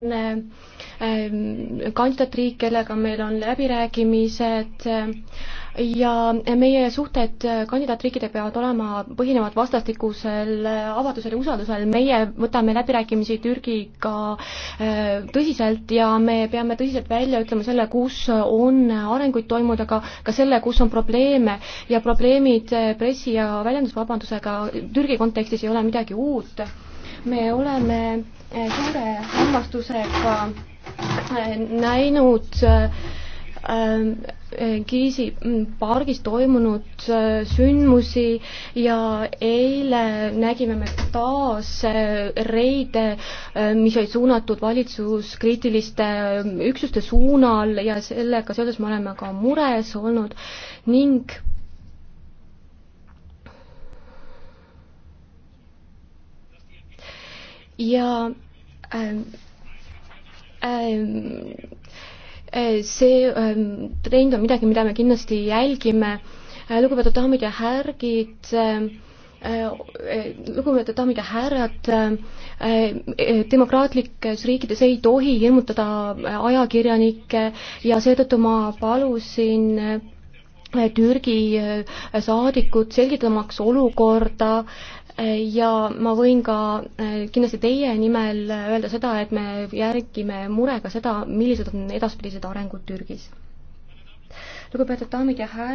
Ähm, kandidaatriik, kellega meil on läbirääkimised äh, ja meie suhted äh, kandidaatriikide peavad olema, põhinevad vastastikusel äh, avadusel ja usaldusel, meie võtame läbirääkimisi Türgiga tõsiselt ja me peame tõsiselt välja ütlema selle, kus on arenguid toimunud, aga ka selle, kus on probleeme ja probleemid pressi- ja väljendusvabadusega Türgi kontekstis ei ole midagi uut me oleme eh, suure hämmastusega eh, näinud eh, Kiisi mm, pargis toimunud sündmusi ja eile nägime me taas reide, mis olid suunatud valitsuskriitiliste üksuste suunal ja sellega seoses me oleme ka mures olnud ning ja ähm, ähm, äh, see ähm, trend on midagi, mida me kindlasti jälgime. Äh, lugupeetud daamid ja härgid ähm,, äh, lugupeetud daamid ja härrad, ähm, demokraatlikes riikides ei tohi hirmutada ajakirjanikke ja seetõttu ma palusin Türgi äh, saadikud selgitamaks olukorda äh, ja ma võin ka äh, kindlasti teie nimel öelda seda, et me järgime murega seda, millised on edaspidised arengud Türgis. lugupeetud daamid ja härrad,